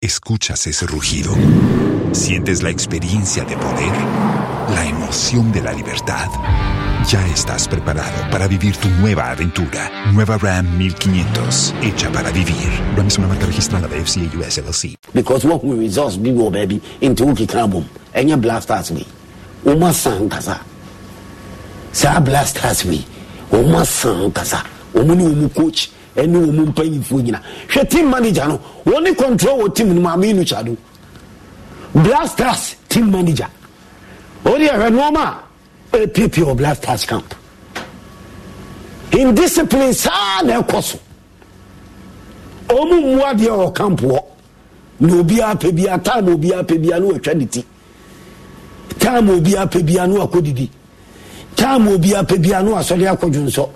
Escuchas ese rugido. Sientes la experiencia de poder, la emoción de la libertad. Ya estás preparado para vivir tu nueva aventura. Nueva Ram 1500, hecha para vivir. Ram es una marca registrada de FCA US LLC. Because what we resource be wo baby into uki kabum. Enya blasters we. Uma san kasa. Sa blasters me. Uma san kasa. ni umu coach. ɛne wɔn mu mpanyinfoɔ nyina hwɛ team manager no wɔn control wɔ team no mu aminu kyado blasters team manager wɔde ɛhwɛ nneɛma a ɛrepiepie wɔ blasters camp indiscipline saa na ɛkɔ so wɔn mu adeɛ wɔ camp wɔ na obiara pɛ bia time obiara pɛ bia no wɔatwa ne ti time obiara pɛ bia no wakɔ didi time obiara pɛ bia no asɔre akɔ dwonsɔ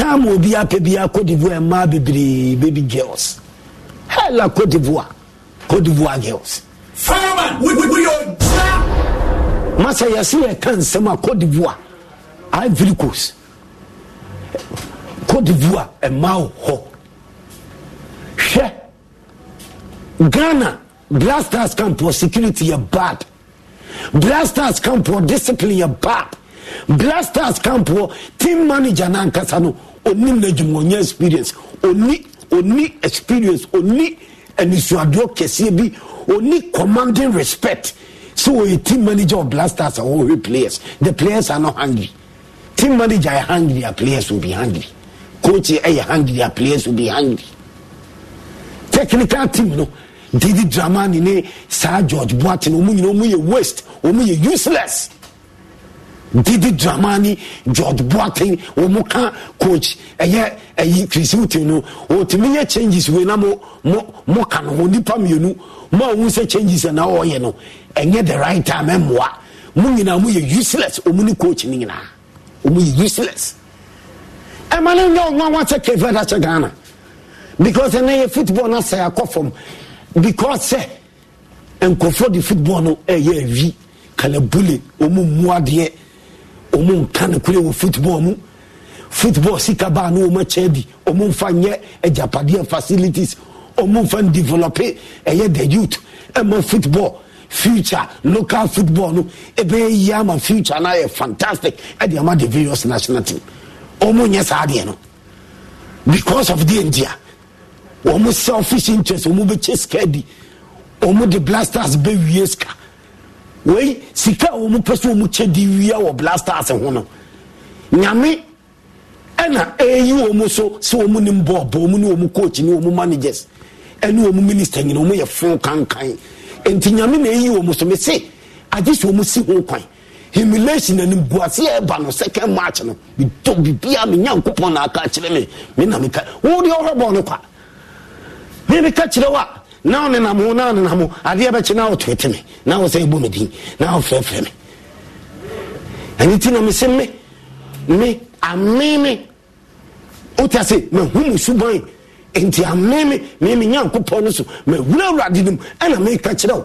time obi apɛ bi a cote divoire mmaa bebree baby girls hella cote divoire cote divoire girls. fireman wuli o ja. masa yasi yɛ ka nsɛm a cote divoire ivory coast cote divoire mmaa hɔ hwɛ ghana blasters camp for security yɛ bad blasters camp for discipline yɛ bad. Blasters camp wɔ team manager n'ankasa no onim n'adwuma onye experience oni oni experience oni anisoadeɛ kɛseɛ bi oni commanding respect so wɔyɛ team manager of Blasters, stars a wɔwɔ players the players are not hungry team manager yɛ hungry their players will be hungry coach yɛ hungry their players will be hungry technical team no didi dramani ne Sir george boatin wɔn nyinaa wɔn yɛ waste wɔn yɛ useless didi dramani george boateng wɔn ka coach ɛyɛ ɛyi chris hilton no wɔtumi yɛ changes wei na mo mo mo ka no ho nipa mmienu mo a wɔn changes na wɔyɛ no ɛnyɛ the right time ɛmoa mo nyinaa mo yɛ useless wɔn ni coach ni nyinaa wɔn yɛ useless ɛma ne nyɛ ɔnwa wa sɛ kefe da kyɛ ghana because ɛnna yɛ football na sɛ akɔ fam because sɛ nkɔfoɔ de football no ɛyɛ awi kalabule wɔn mu adeɛ ɔmo nka no kure wɔ football mu football sika baa no ɔmo akyɛ bi ɔmo nfa nyɛ agyapadeɛ facilities ɔmo nfa ndevelope ɛyɛ the youth ɛma football future local football no ɛbɛyɛ yie ama future no ayɛ fantastic ɛde ama the various national team ɔmo nyɛ saa adeɛ no because of the india ɔmo selfish interest ɔmo bɛkyɛ sika di ɔmo de blasters bɛwie sika wei sika a wɔn pɛ sɛ wɔn kyɛ di wia wɔ blasters ho no nyame ɛna ɛyi wɔn so sɛ wɔn ne bɔɔbɔ wɔn ni wɔn coach ne wɔn managers ɛne wɔn minister nyina wɔn yɛ fun kankan nti nyame na ɛyi wɔn so mese agye sɛ wɔn si ho kwan humiliation na nimbuase a ɛba no second match no bito bibia me nyankopɔn na aka kyerɛ me me na meka wo deɛ ɔhɔ no kwa me meka kyerɛ wo na ɔnenam ho na ɔnenam ho adeɛ bɛkye na ɔtoete me na ɔsɛ ɛbɔ me din na ɔfrɛfrɛ me ɛne ti na mese me me ame me wota sɛ mahu mu suban nti ame me meme nyankopɔn no so mawura awurade no mu ɛna meka kyerɛ wo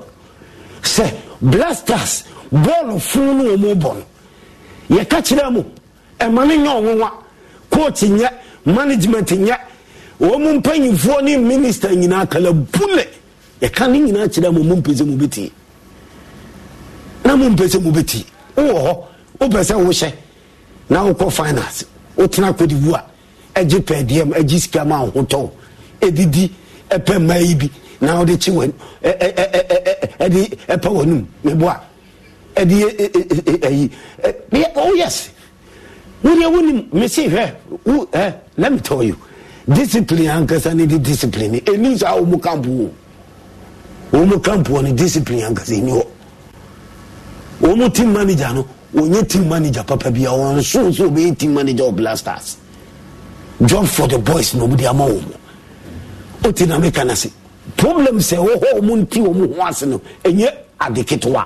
sɛ blasters bɔɔlofo no wɔ mu bɔ no yɛka kyerɛ mu ɛma no nyɛ ɔwowa coach nyɛ management nyɛ wɔn mu mpanyinfoɔ ne minista nyinaa kala bule yɛka ne nyinaa kyerɛ mo mo mpɛ sɛ mo bɛtie na mo mpɛ sɛ mo bɛtie wowɔ hɔ wopɛ sɛ wohyɛ na wokɔ finance wotena kɔde wu a agye pɛɛdeɛm agye sika ma ahotɔ ɛdidi ɛpɛ mmaa yi bi na wode kye wɔn ɛde ɛpɛ wɔnum meboa ɛde ɛyi ɛyɛ oh yes wodeɛ wonim mesi hwɛ wo ɛ let me tell you discipline ankasa ni di discipline ɛni e saa wɔn camp wo wɔn camp wɔ ne discipline ankasa ɛni hɔ wɔn team manager no wɔnyɛ team manager papa bi a wɔn nso nso wɔbɛyɛ team manager of blasters job for the boys na wɔn de ama wɔn o ti na meka na se problem sɛ ɛwɔ hɔ wɔn ti wɔn ho ase no ɛnyɛ e ade ketewa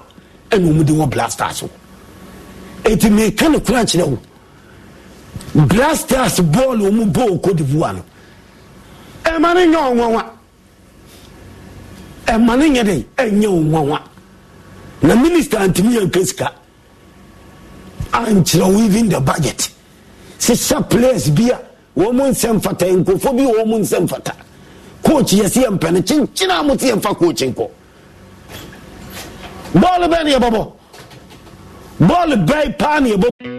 ɛna e wɔn de wɔ blasters o eti meka ne kura kyerɛ wo blasters bɔɔl wɔn bɔɔl cote divoire no ɛma ne nyɛ ɔnwanwa ɛma ne nyɛ de ɛnyɛ ɔnwanwa na minister antimi yɛ nka sika ankyerɛ wo the budget sisa players bi a wɔn mu nsɛm fata nkurɔfoɔ bi wɔn mu nsɛm fata coach yɛ si yɛ mpɛ no kyenkyena a mo ti yɛ nfa coach nkɔ bɔɔl bɛɛ ne yɛ bɔbɔ bɔɔl bɛɛ paa ne yɛ bɔbɔ.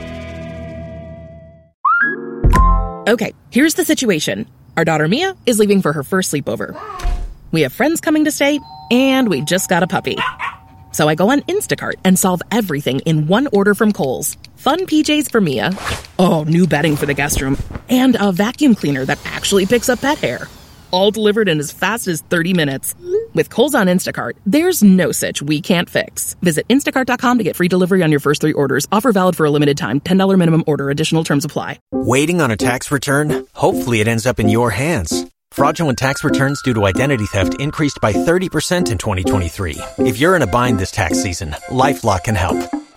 Okay, here's the situation. Our daughter Mia is leaving for her first sleepover. We have friends coming to stay, and we just got a puppy. So I go on Instacart and solve everything in one order from Kohl's. Fun PJs for Mia. Oh, new bedding for the guest room. And a vacuum cleaner that actually picks up pet hair all delivered in as fast as 30 minutes. With Kohl's on Instacart, there's no such we can't fix. Visit instacart.com to get free delivery on your first three orders. Offer valid for a limited time. $10 minimum order. Additional terms apply. Waiting on a tax return? Hopefully, it ends up in your hands. Fraudulent tax returns due to identity theft increased by 30% in 2023. If you're in a bind this tax season, LifeLock can help.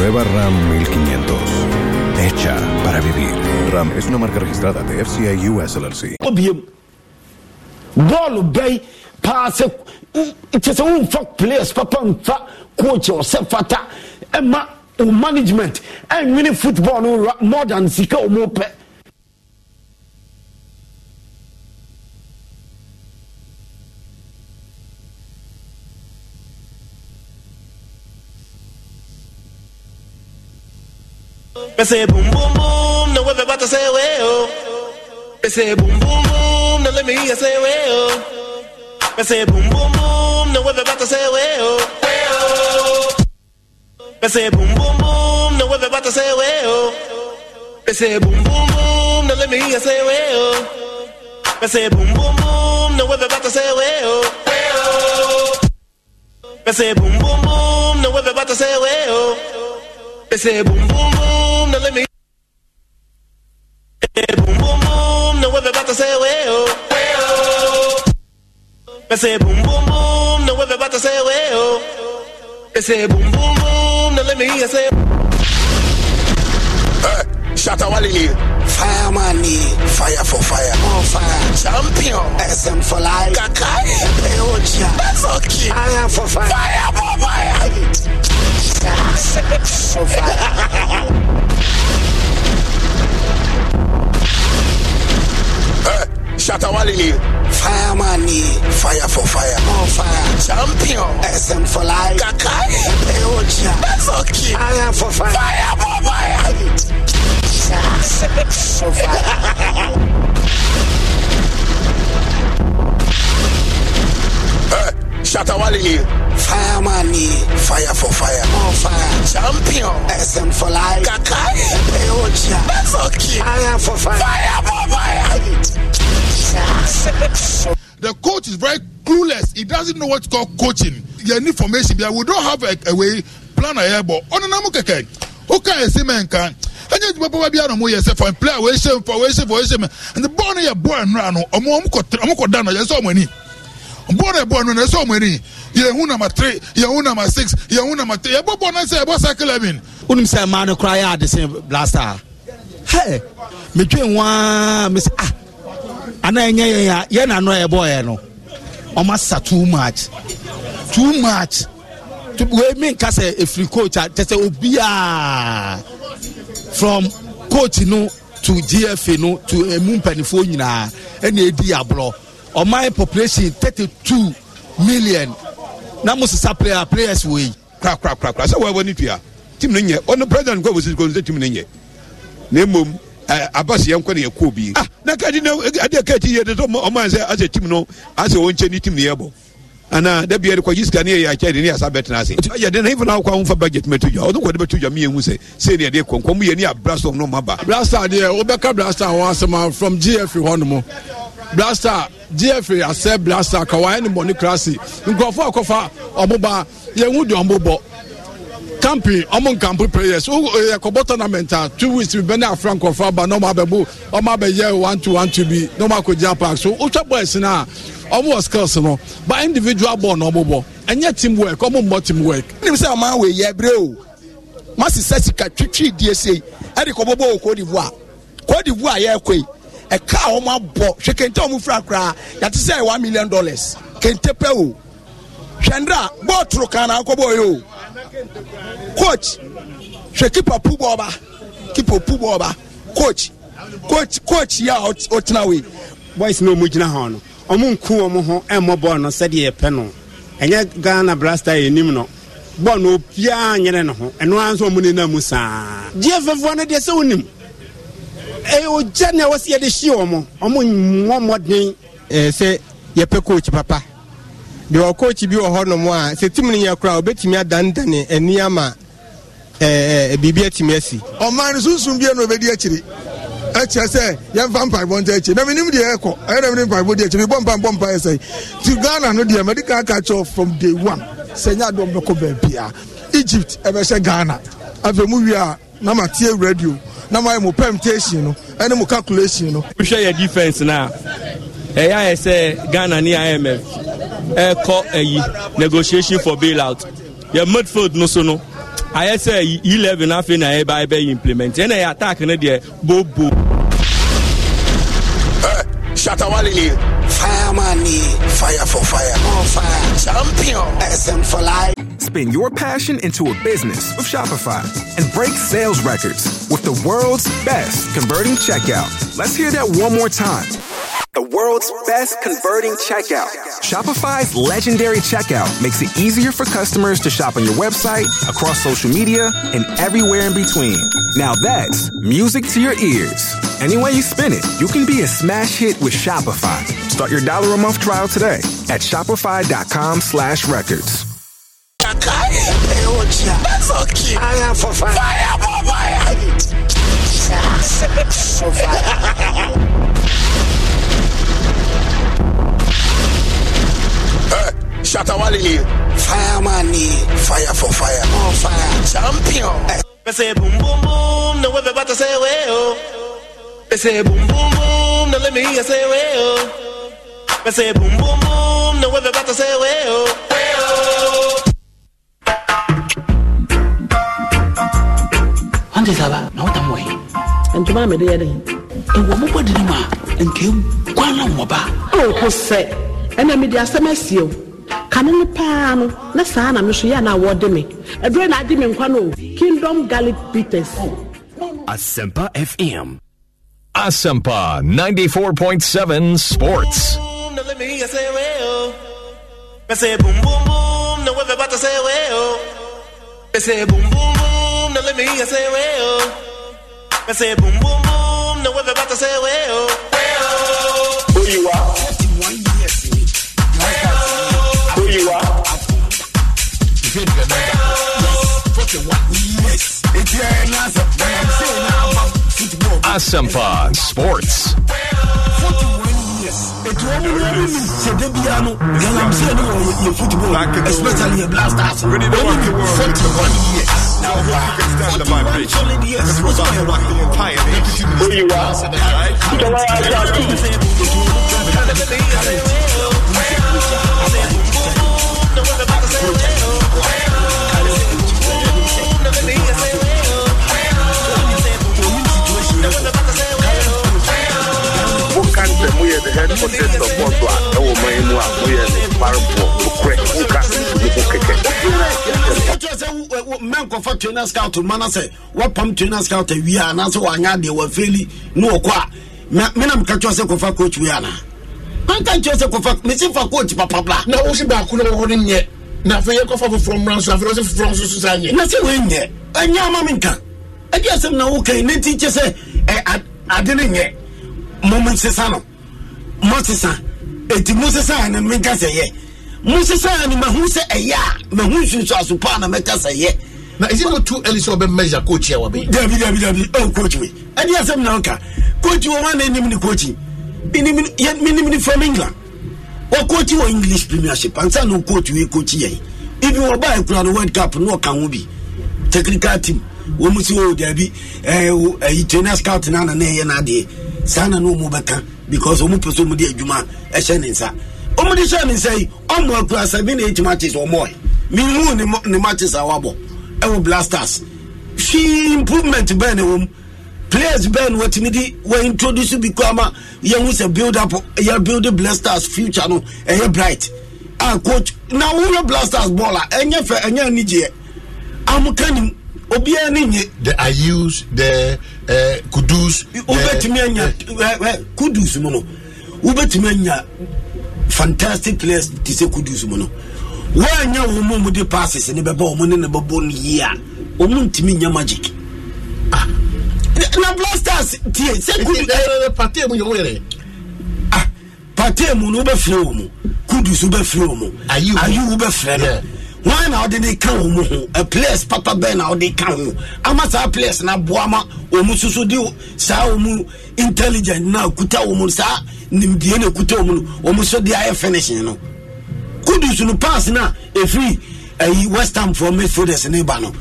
Nueva RAM 1500. Hecha para vivir. RAM es una marca registrada de FCI US LLC. Obvio. Bọ́ọ̀lù bẹ́ẹ̀ paase kyerɛ sɛ womfa players papa mfa coach ɔsɛ fata ɛma wo management ɛnwene football no more than sika ɔmopɛ Me say boom boom boom, now everybody say way oh. Me say boom boom boom, now let me hear say way oh. Me say boom boom boom, now everybody say way oh. Way oh. Me say boom boom boom, now everybody say way oh. Me say boom boom boom, now let me hear say way oh. Me say boom boom boom, now everybody say way oh. Way oh. Me say boom boom boom, now everybody say way oh. Me say boom boom. to say weo, weo. They say boom boom boom, no we're about to say weo. They say boom boom boom, now let me hear say. "Hey, Uh, Shatta Walini. Fire money, fire for fire, on fire. Champion, SM for life. Kakai, Peocha. Oh, That's okay. I for fire. Fire for fire. for fire. Shatawalini. Fire money. Fire for fire. More fire. Champion. SM for life. Kakai. Peocha. That's okay. Fire for fire. Fire for fire. Jesus. for fire. Eh, Shatawalini. Fire money, fire for fire, more fire. Champion, SM for life. Kakai, Peocha. That's okay. Fire for fire, fire for fire the coach is very clueless. He doesn't know what's called coaching. The information, we don't have a, a way plan ahead, but on an amukeke, okay, semenka. And yet, Papa a we are for play, we shame for, we shame for, we shame. And the born here born run. I'm going to Amoko Dana, there's saw money. Born here born, I saw money. many. Yehu number three, Yehu number six, Yehu number three. Yabo born, I say, about cycle, I mean. Wouldn't say a man cry out the same blaster. Hey, between one, Miss Ah. ana ɛnyɛ yɛn a yɛn na ano ɛbɔɔyɛ no ɔmo asa too much too much wei mi nka sɛ efiri coach a ah, kyɛ sɛ obiara ah, from coach no to gfa no to emu eh, mpanyinfoɔ nyinaa ɛna edi aborɔ ɔman population thirty two million na mo sisa player players wɔ yi. kura kura kura kura sɛ wɔyɛ wɔ ne tua team ne nyɛ ɔno president nkɔ wɔ sisi kɔ ne sɛ team ne nyɛ na emom. Eh, abasi yɛn nkɔ ne yɛ kóo bi. Ah, na kadi na adi a kaadi yɛ dɛsɛ ɔmo ansɛ asɛ tim no asɛ wɔn nkyɛn ni tim ne yɛ bɔ ana dabi yɛ de kɔ yisika ne yɛ yɛ akyɛ de ne yɛ asa bɛ tena ase. yɛ de na ifo na akɔ ahun fa budget mɛ tuja ɔno kɔ de bɛ tuja mi yɛ hun sɛ sɛ ne yɛ de kɔ nkɔm yɛ ne yɛ blaster no ma ba. blaster deɛ obɛka blaster wɔn asɛm from gf hɔ nom blaster gf asɛ blaster kawaii ni mɔni klasi nkurɔfoɔ akɔfa ɔmo ba yɛn hu de ɔmo bɔ camping ọmọ nkampu players ó ẹ eh, kọbọ tournament a ah, two weeks bẹ ní afra nkọfra aba ní ọmọ abẹ bó ọmọ abẹ yẹ one two one two bi ní ọmọ akọjá park so ó twẹ boys náà ọmọ wọ skills no but individual ball na ọmọ bọ ẹnyẹ team work ọmọ mbọ team work. ẹni sẹ́ ọmọ àwọn èèyàn ẹ̀bẹ̀rẹ̀ o má sì sẹ́ sika twitwi díẹ̀ e sẹ́yì ẹ̀dì e kọ́ bọ́bọ́ Côte d'Ivoire Côte d'Ivoire yẹ ẹ̀kọ́ yìí e ẹ̀ka ọmọ abọ̀ ṣe kente ọmọ fura koraa yàtí sẹ́ one million dollars kente pẹ́ o. hwɛndera bɔɔl toro na akɔ yɛ o coach hwɛ kipa pu bɔɔl kipa pu bɔɔl coach coach coach a ɔtena wei. boys na ɔmo gyina hɔ no ɔmo nku ɔmo ho ɛmɔ e bɔɔl no sɛdeɛ yɛpɛ no ɛnyɛ ghana blaster yɛ nim no bɔɔl no obiara nyere ne ho ara nso saa deɛ ɛyɛ ogya na ɛwɔ sɛ de hyia ọmụ ɛɛ sɛ papa deɛ ɔkɔɔkyi bi wɔ hɔnom a sɛ tim no nyɛ koraa obɛtumi adandane ani ama biribi atumi asi ɔman no sunsum bia na ɔbɛdi akyiri ɛkyerɛ sɛ yɛmfa mpaebɔ nta akyi na menim deɛ ɛkɔ ɛyɛ dɛ mene mpaebɔ di akyi mebɔ mpa mbɔ mpa yɛ sɛ nti ghana no deɛ made kaa ka from day one sɛ nyɛ adɔm bɛkɔ baabia egypt ɛbɛhyɛ ghana afei mu wie a na mateɛ radio na mayɛ mo permutation no ɛne mo calculation no wohwɛ yɛ defense no a ɛyɛ ayɛ sɛ ghana ne imf ɛkɔ ɛyi negotiation for bailout yɛ midfield no so no ayɛ sɛ eleven afei na ɛba ɛbɛyɛ implement ɛna yɛ attack no deɛ bobo. Eh, shatawale ni fireman ni fire for fire on fire champion sm for life. Spin your passion into a business with Shopify and break sales records with the world's best converting checkout. Let's hear that one more time the world's best converting checkout. Shopify's legendary checkout makes it easier for customers to shop on your website, across social media, and everywhere in between. Now that's music to your ears. Any way you spin it, you can be a smash hit with Shopify. Start your dollar a month trial today at shopify.com slash records. I am for fire. Fire for fire. Shatawali, fireman, fire for fire, on fire, champion. They say boom boom boom, no we about to say well. They say boom boom boom, now let me hear say well. They say boom boom boom, no we about to say well. Oh, ano paa no na saa na me yɛ na wɔde me ɛberɛ na agye me nkwa no kingdom garlic peters asempa fm asempa 94.7 sports Who you are? Asampa Sports. Especially the headquarters of Boss Black, and we'll make him out. We are the Parampo, the Craig, who cast into the trainer scout ma na sɛ woapam trainer scout awie a anaasɛ woanyɛ adeɛ wafeli ne wɔkɔ a menam ka kyerɛ sɛ kɔfa coach wei anaa manka nkyerɛ sɛ kɔfa mese fa coach papabla na wo baako no wɔhɔ no nyɛ na afei yɛkɔfa foforɔ mmra nso afei wɔ foforɔ nso so saa nyɛ na sɛ woanyɛ ɛnyɛ ama menka ɛde asɛm na wokai ne nti kyɛ sɛ ade ne nyɛ mɔmensesa no mo sesa eti mo sesa yɛ no meka sɛ yɛ mo sesa yɛ no mahu sɛ ɛyɛ a mahu nsunsu aso na mɛka sɛ yɛ na is it tu too early sɛ ɔbɛ measure coach yɛ wabe dabi dabi dabi oh coach we ɛne asɛm na woka coach wɔ wa na anim ne coach menim ne from england wɔcoach wɔ english premiership ansa na coach we coach yɛn ibi wɔba akura no world cup na ɔka ho bi technical team wɔn mu si wɔ dabi ɛyi eh, trainer eh, scout na na na ɛyɛ na adeɛ saa na no ɔmu bɛka because ɔmu pɛ sɛ ɔmu de adwuma ɛhyɛ ne nsa ɔmu de hyɛ ne nsa yi ɔmu akura seven eight matches ɔmɔɛ mihu ne ne matches a wabɔ ɛwɔ blasters hwii improvement bɛn na wɔm players bɛn na wɔtumi de wɔintroduce bi kɔ ama yɛn ho sɛ build up yɛ build blasters future no ɛyɛ bright a ah, coach na wɔn yɛ blasters bɔɔla ɛnyɛ fɛ ɛnyɛ anigyeɛ amukanim obiara ni nye. the ayus the uh, kudus. wobɛtumi anya kudus mu no wobɛtumi anya fantastic players ti sɛ kudus mu no woanya wɔn mu mu de passes ne bɛbɔ wɔn ne ne bɛbɔ no yie a wɔn ntumi nya magic. Ah. na blasters tie sɛ kudus. pate mu yɛ wo yɛrɛ. ah pate mu no wobɛfrɛ wɔn mu kudus wobɛfrɛ wɔn mu ayi wo bɛfrɛ no wọn na ɔde de ka wɔn mu ho a players papa bɛn na ɔde ka ho ama saa players na boa ma wɔn mu soso de saa wɔn intelligent na kuta wɔn mu saa nimdie na kuta wɔn mu wɔn mu so de ayɛ finishing no kudus no pass na efiri ɛyi west ham for midfielders ne ba no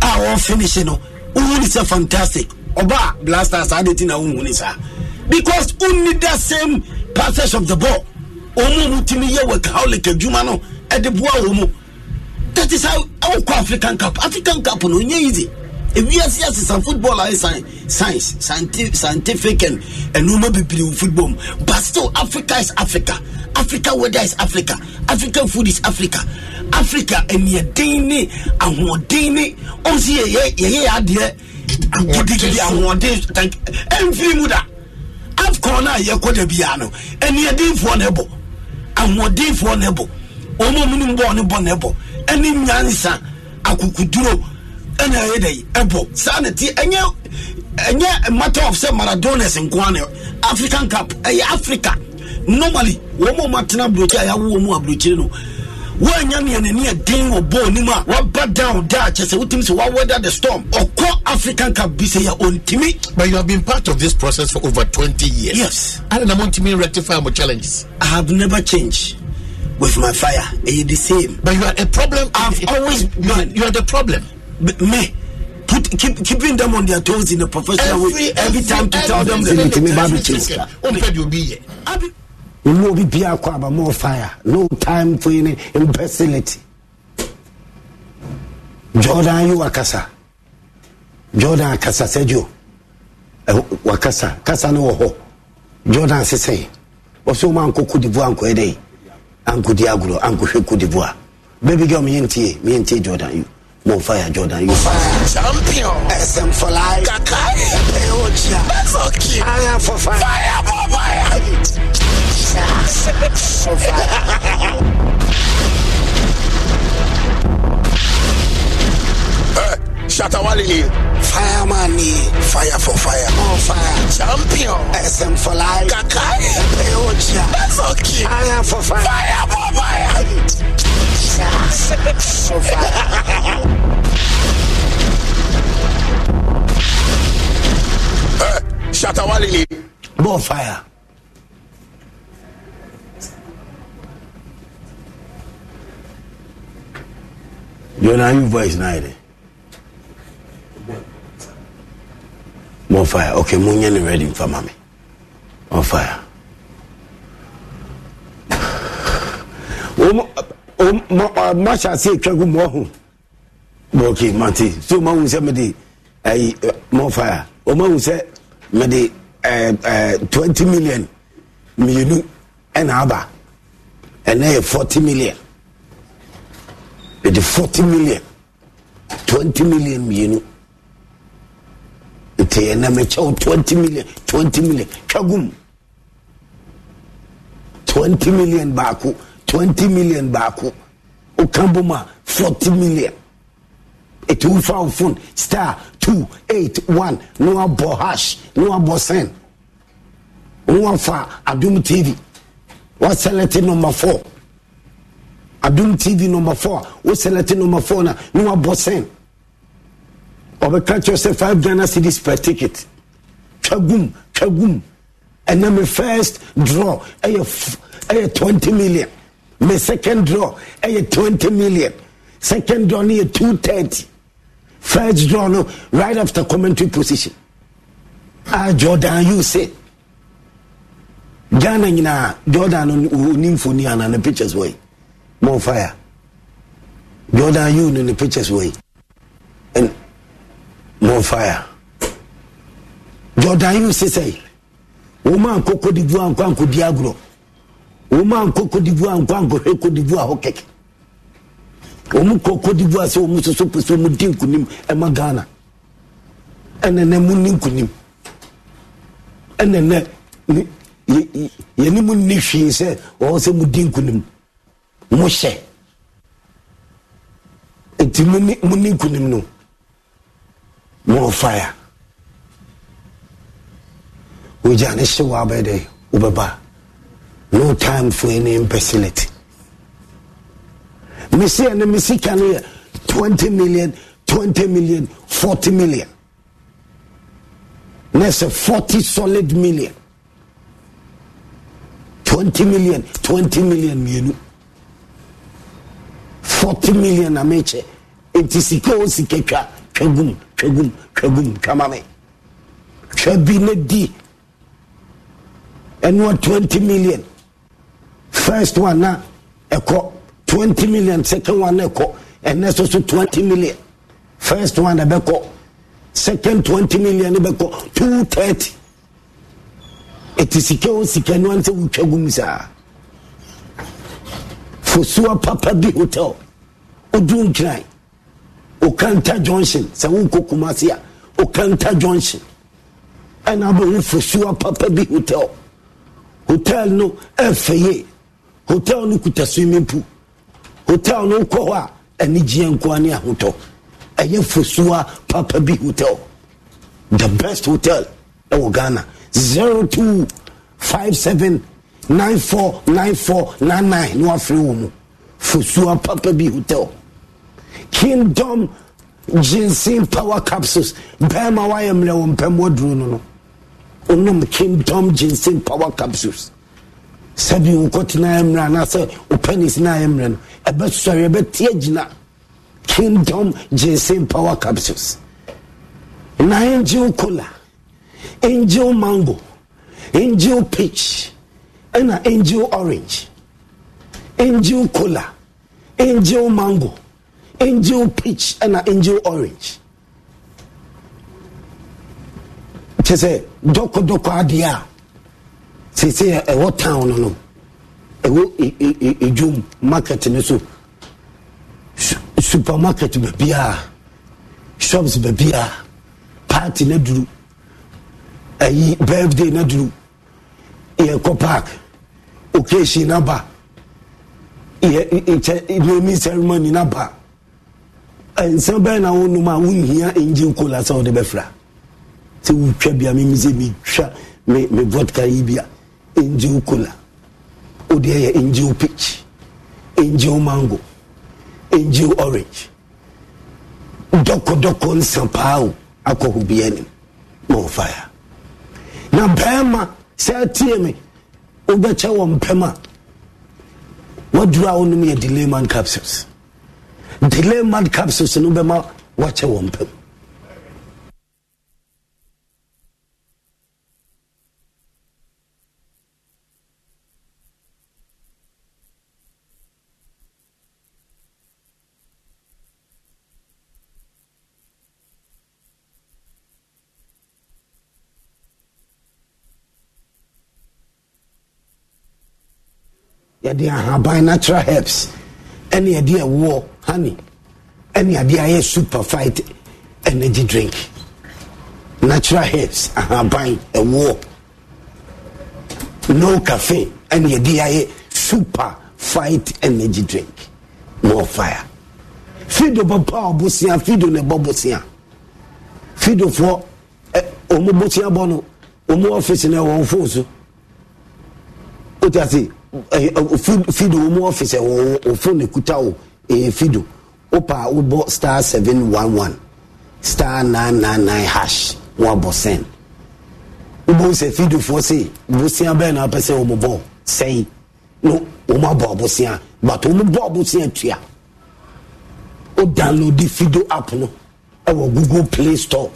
ah, a wɔn finish no wɔn sɛ fantastic ɔbaa blaster saa de ti na wɔn wɔn saa because wɔn need that same passage of the ball wɔn mu wɔn ti mi yɛ workaholic adwuma no ɛde boa wɔn mu that is how awo african cup african cup no nye easy ewiase asesa football ayɛ science science scientific, scientific and ɛnoma bebree wɔ football but still africa is africa africa weather is africa african food is africa africa ɛniɛden ne ahoɔden ne ɔnso yɛyɛ yɛyɛ adeɛ agodigidi ahoɔden ɛnfiri mu da afcon a yɛkɔ da biara no ɛniɛdenfoɔ na ɛbɔ ahoɔdenfoɔ na ɛbɔ wɔn a wɔn mu bɔɔl no bɔ na ɛbɔ ɛne nyansa akokuduro ɛna ɛyɛ dɛ ɛbɔ saa na ti ɛnyɛ ɛnyɛ matter of sɛ maradonas nko ano african cup ɛyɛ africa normally wɔn a wɔatena aburokyi a yɛawo wɔn mu aburokyi no wɔanya neanani ɛden wɔ bɔɔl nim a waba down da akyɛ sɛ wotumi sɛ waweather the storm ɔkɔ african cup bi sɛ yɛ but you have been part of this process for over 20 years yes I ana na montumi rectify my challenges i have never changed with my fire. are you the same. But you are a problem. I've always you are, you are the problem. But me. Put, keep, keeping them on their toes in a professional every, way every, every time to every tell them that they oh, may be chased. You know, be a about more fire, no time for any imbecility. Jordan, you wakasa. Jordan kasa sɛdio eh, wakasa kasa no wɔ hɔ Jordan sesɛ ɔsɛ woma nkɔkɔ divo ankɔɛ eh, dɛ Anko Diagro, Anko Heku Divoire. Baby girl, me ain't tea, me ain't tea, Jordan. You. More fire, Jordan. You fire. Champion. SM for life. Kakai. Peocha. That's okay. I am for fire. Fire, for fire. Jesus. for fire. Eh, Shatawalini. Fire money, fire for fire, on fire, champion, SM for life, Kakai, Peocha, that's okay, fire for fire, fire for fire, for fire. uh, Shatawalini, bonfire. You're not your voice, neither. mo fire okay mo nyɛ ne ready nfa ma mi on eh, eh, fire mahyɛ ase atwa gu ma ɔho bɔɔke mate so mahu sɛ fire. mɔfae a ɔmahu sɛ mede Twenty million mmienu ɛna eh, aba ɛnɛ yɛ forty million mede forty million twenty million mmienu sɛ yɛnamakyɛ wo 20 million 20 million twa gum 20 million baako 20 million baako woka bom a 40 million ɛti e wofa wo phone star 281 na wabɔ hash na wabɔ sen na wafa adom tv waselɛte number 4 adom tv number 4 woselɛte number 4 na na wabɔ sen ɔbɛka kyerɛ sɛ five ghana cities per ticket twa gum twa gum ɛna me first draw ɛyɛ ɛyɛ twenty million me second draw ɛyɛ twenty million second draw no yɛ two thirty first draw no right after commentary position a jordan yu se ghana nyinaa jordan no ni mfoni ana ne pictures wɔ yi fire jordan yu no ne pictures wɔ mɔfaya jordan yi sisɛ wɔn a nkɔ cote d'ivoire nkɔ ankɔ di agorɔ anko anko nkɔ cote d'ivoire nkɔ ankɔ hwɛ cote d'ivoire hɔ kɛkɛ wɔn kɔ cote d'ivoire sɛ wɔn soso pɛ sɛ wɔn di nkunim ɛma ghana ɛna nɛ mu ni nkunim ɛna nɛ ni yɛni mu ni hwii sɛ wɔn sɛ mu di nkunim mu hyɛ eti mu ni mu ni nkunim no more fire wogya ne hye wɔ abɛɛ dɛ wobɛba no time for any imbecility mesi ɛne mesi ka no yɛ 20 million 20 million 40 million na ɛsɛ 40 solid million 20 million 20 million mmienu 40 million na mekyɛ ɛnti sika o sika twa twa gum twa gum twa twa me twa bi na di ɛnoa 20 million first one na ɛkɔ 20 million second one na ɛkɔ ɛnɛ so so 20 million first one na second 20 million na bɛkɔ 230 ɛti sika o sika noa n sɛ wotwa saa fosuwa papa bi hotel odun kran okanta junction sɛ wonkɔ kumase a okanta junction ɛna bɛwo fosuo papa bi hotel hotel no ɛfɛ yie hotel no kuta swimming pool hotel no nkɔ hɔ a anigyeɛ nkoa ne ahotɔ ɛyɛ fosuo papa bi hotel the best hotel ɛwɔ ghana 0257 nine na wafrɛ wɔ mu fosuo papa bi hotel kingdom ginseng power capsules bɛrima wayɛ mmerɛ wɔ mpɛm wɔduro no no wonom kingdom ginseng power capsules sɛbi nkɔte no ayɛ mmerɛ anaasɛ opanis no ayɛ mmerɛ no ɛbɛsɔre ɛbɛte agyina kingdom ginseng power capsules na angel cola angel mango angel peach ɛna angel orange angel cola angel mango angel peach ɛna angel orange kyɛ sɛ dɔkɔdɔkɔ adeɛ a sese ɛwɔ town no no ɛwɔ edwom e, e, market no so supermarket baabi a shops baabi a party na duru ɛyi birthday na duru yɛkɔ park occasion na ba yɛ kyɛ e, naming ceremony na ba nsa eh, bɛn na wɔn nom a wɔnhia engine coal asa wɔde bɛfra sɛ wotwa bia me misɛ metwa me me vodka yi bia engine coal a wodeɛ yɛ engine peach engine mango engine orange dɔkɔdɔkɔ nsa paa o akɔ bia anim ma wɔfa ya na bɛrima sɛ atie me wobɛkyɛ wɔ mpɛm a waduru a wonom yɛ delay man capsules delay mad capsules no bɛma wakyɛ wɔn pɛm yɛde ahaban natural herbs ɛne ɛde ɛwoɔ honey ɛne ade ayɛ super fight energy drink natural herbs ahaban ɛwoɔ no cafe ɛne ɛde ayɛ super fight energy drink more fire fido papa ɔbosia fido eh, na ɛbɔ bosia fidofoɔ ɛ wɔn bosia bɔ no wɔn ɔfisi na ɛwɔ wɔn fon so o ti ase eh, eh, oh, fido wo mu ɔfisɛ eh, wo wo fone kuta wo fido o pa o bɔ star seven one one star nine nine nine hash wɔn abɔ sɛn o bɔ sɛ fido fɔ se bosia bɛyɛ na apɛ sɛ wɔn bɔ sɛn no wɔn abɔ abosia but wɔn bɔ abosia tuya. o download fido app no ɛwɔ google play store.